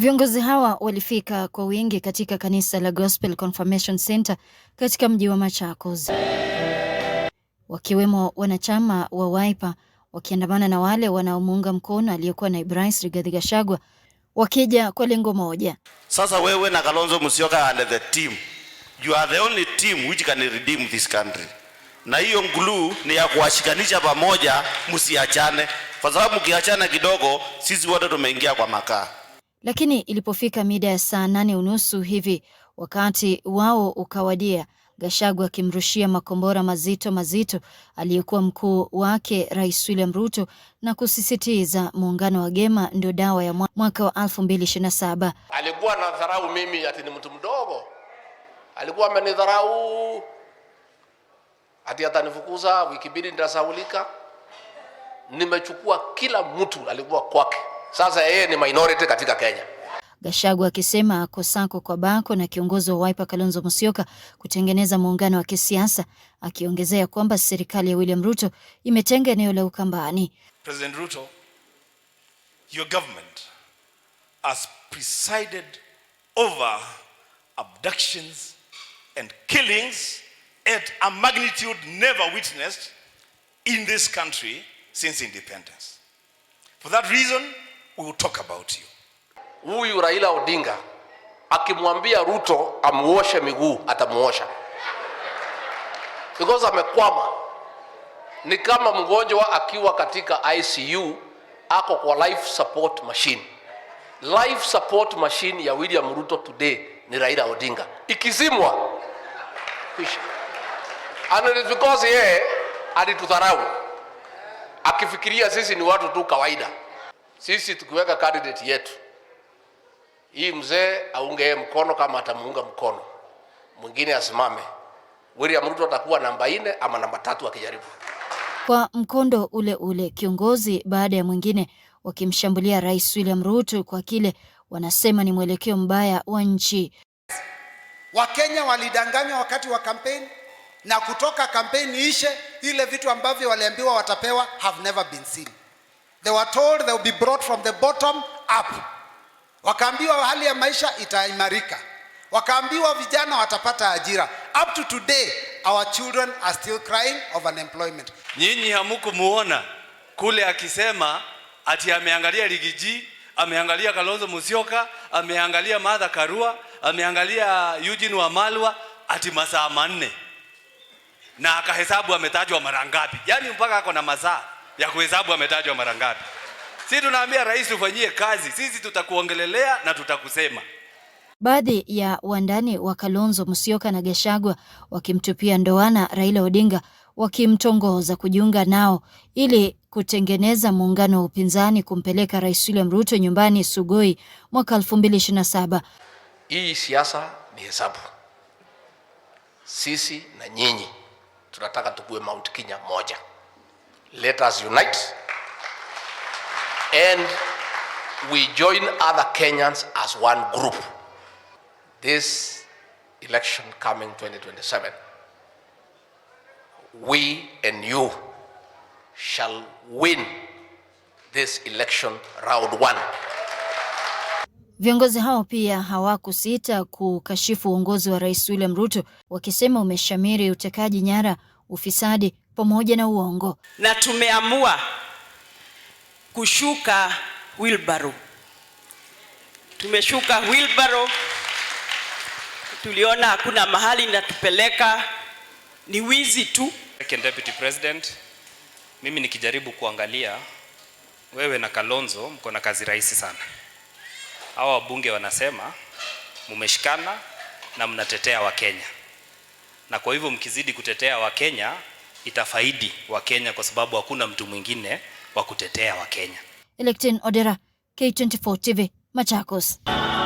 Viongozi hawa walifika kwa wingi katika kanisa la Gospel Confirmation Center katika mji wa Machakos, wakiwemo wanachama wa Wiper wakiandamana na wale wanaomuunga mkono aliyekuwa naibu rais Rigathi Gachagua, wakija kwa lengo moja. Sasa wewe na Kalonzo Musyoka and the team, you are the only team which can redeem this country, na hiyo nguluu ni ya kuwashikanisha pamoja, msiachane, kwa sababu mkiachana kidogo, sisi wote tumeingia kwa makaa. Lakini ilipofika mida ya saa nane unusu hivi, wakati wao ukawadia, Gachagua akimrushia makombora mazito mazito aliyekuwa mkuu wake Rais William Ruto na kusisitiza muungano wa Gema ndio dawa ya mwaka wa 2027. Alikuwa na dharau mimi ati ni mtu mdogo, alikuwa amenidharau ati atanifukuza, wiki mbili nitasaulika. Nimechukua kila mtu alikuwa kwake sasa yeye ni minority katika Kenya. Gashagu akisema Kosako kwa Bako na kiongozi wa Wiper Kalonzo Musyoka kutengeneza muungano wa kisiasa, akiongezea kwamba serikali ya William Ruto imetenga eneo la Ukambani. President Ruto, your government has presided over abductions and killings at a magnitude never witnessed in this country since independence. For that reason, we will talk about you. Huyu Raila Odinga akimwambia Ruto amuoshe miguu atamuosha, because amekwama. Ni kama mgonjwa akiwa katika ICU ako kwa life support machine. Life support machine ya William Ruto today ni Raila Odinga, ikizimwa And it is because yeye alitudharau akifikiria sisi ni watu tu kawaida. Sisi tukiweka candidate yetu hii, mzee aunge mkono, kama atamuunga mkono mwingine asimame. William Ruto atakuwa namba nne ama namba tatu akijaribu kwa mkondo ule ule, kiongozi baada ya mwingine wakimshambulia Rais William Ruto kwa kile wanasema ni mwelekeo mbaya wa nchi. Wakenya walidanganywa wakati wa kampeni na kutoka kampeni ishe, ile vitu ambavyo waliambiwa watapewa have never been seen. They were told they would be brought from the bottom up. Wakaambiwa hali ya maisha itaimarika, wakaambiwa vijana watapata ajira. Up to today our children are still crying of unemployment. Nyinyi hamukumuona kule akisema ati ameangalia ligiji ameangalia Kalonzo musioka ameangalia madha Karua, ameangalia Eugene malwa ati masaa manne na akahesabu ametajwa mara ngapi, yaani mpaka ako na masaa ya kuhesabu ametajwa mara ngapi. Sisi tunaambia rais, ufanyie kazi, sisi tutakuongelelea na tutakusema. Baadhi ya wandani wa Kalonzo Musyoka na Gachagua wakimtupia ndoana Raila Odinga, wakimtongoza kujiunga nao ili kutengeneza muungano wa upinzani kumpeleka Rais William Ruto nyumbani Sugoi mwaka 2027. Hii siasa ni hesabu. Sisi na nyinyi tunataka tukue Mount Kenya moja. Let us unite and we join other Kenyans as one group. This election coming 2027, we and you shall win this election round one. Viongozi hao pia hawakusita kukashifu uongozi wa Rais William Ruto wakisema umeshamiri utekaji nyara ufisadi pamoja na uongo, na tumeamua kushuka wilbaro. Tumeshuka wilbaro, tuliona hakuna mahali inatupeleka, ni wizi tu. Deputy President, mimi nikijaribu kuangalia wewe na Kalonzo mko na kazi rahisi sana. Hawa wabunge wanasema mumeshikana na mnatetea Wakenya na kwa hivyo mkizidi kutetea Wakenya itafaidi Wakenya kwa sababu hakuna mtu mwingine wa kutetea Wakenya. Electin Odera, K24 TV, Machakos.